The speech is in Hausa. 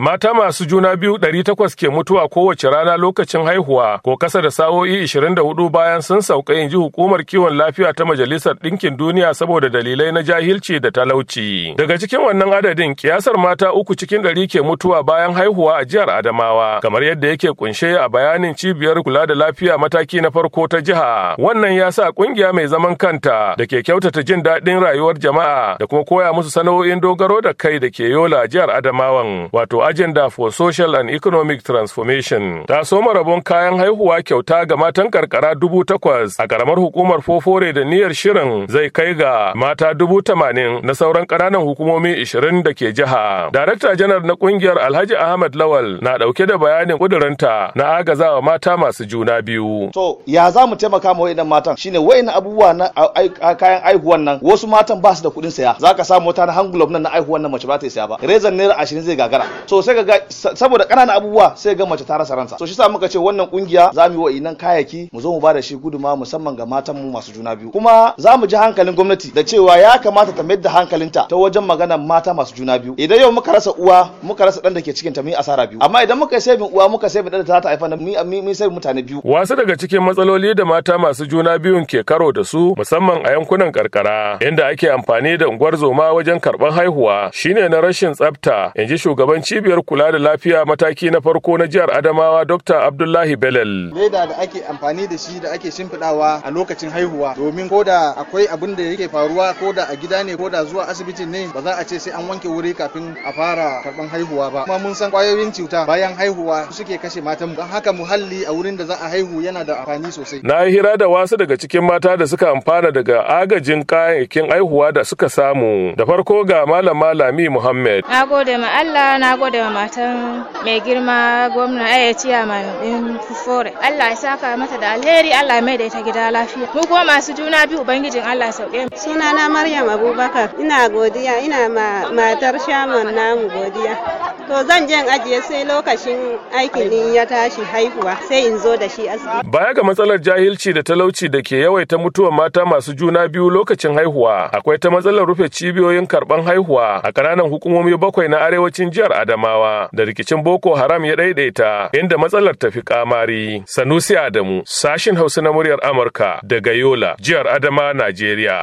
Mata masu juna biyu ɗari takwas ke mutuwa kowace rana lokacin haihuwa ko kasa da sa'o'i hudu bayan sun sauka inji hukumar kiwon lafiya ta Majalisar Ɗinkin Duniya saboda dalilai na jahilci da talauci. Daga cikin wannan adadin kiyasar mata uku cikin ɗari ke mutuwa bayan haihuwa a jihar Adamawa kamar yadda yake kunshe a bayanin cibiyar kula da lafiya mataki na farko ta jiha. Wannan ya sa ƙungiya mai zaman kanta da ke kyautata jin daɗin rayuwar jama'a da kuma koya musu sana'o'in dogaro da kai da ke yola jihar Adamawan wato Agenda for Social and Economic Transformation ta soma rabon kayan haihuwa kyauta ga matan karkara dubu takwas a karamar hukumar fofore da niyyar shirin zai kai ga mata dubu tamanin na sauran ƙananan hukumomi ishirin da ke jiha. Darakta janar na kungiyar Alhaji Ahmad Lawal na ɗauke da bayanin ƙudurinta na agazawa mata masu juna biyu. To ya za mu taimaka ma wa'inan matan shine wa'inan abubuwa na kayan aihuwan nan wasu matan ba su da kuɗin saya za ka samu wata na hangulob nan na aihuwan nan mace ba ta saya ba. Rezan naira ashirin zai gagara. So sai ga saboda ƙananan abubuwa sai ga mace ta rasa ransa so shi sa muka ce wannan kungiya za mu yi wa inan kayaki mu zo mu ba da shi guduma musamman ga matan mu masu juna biyu kuma za mu ji hankalin gwamnati da cewa ya kamata ta mayar da hankalinta ta wajen maganar mata masu juna biyu idan yau muka rasa uwa muka rasa dan da ke cikin ta mu asara biyu amma idan muka sai sabin uwa muka sabin dan da ta haifa mu mu sai mutane biyu wasu daga cikin matsaloli da mata masu juna biyu ke karo da su musamman a yankunan karkara inda ake amfani da unguwar zoma wajen karban haihuwa shine na rashin tsafta inji shugabanci cibiyar kula da lafiya mataki na farko na jihar Adamawa Dr. Abdullahi Belal. Leda da ake amfani da shi da ake shimfiɗawa a lokacin haihuwa domin ko da akwai abin da yake faruwa ko da a gida ne ko da zuwa asibiti ne ba za a ce sai an wanke wuri kafin a fara karɓan haihuwa ba. Kuma mun san kwayoyin cuta bayan haihuwa suke kashe matan don haka muhalli a wurin da za a haihu yana da amfani sosai. Na hira da wasu daga cikin mata da suka amfana daga agajin kayayyakin haihuwa da suka samu. Da farko ga malama Lami Muhammad. Na gode ma Allah, na da matan mai girma gwamna aya eh, ciyaman din fufore Allah ya saka mata da alheri Allah ya maida ita gida lafiya mu kuma masu juna biyu ubangijin Allah sauke mu sunana Maryam Abubakar ina godiya ina matar shaman namu godiya To zan je in ajiye sai lokacin aikin in ya tashi haihuwa sai in zo da shi asibiti. Baya ga matsalar jahilci da talauci da ke yawaita mutuwar mata masu juna biyu lokacin haihuwa, akwai ta matsalar rufe cibiyoyin karban haihuwa a ƙananan hukumomi bakwai na arewacin jihar Adamawa da rikicin Boko Haram ya daidaita inda matsalar tafi kamari. Sanusi Adamu, sashin Hausa na muryar Amurka daga Yola, jihar Adama, Najeriya.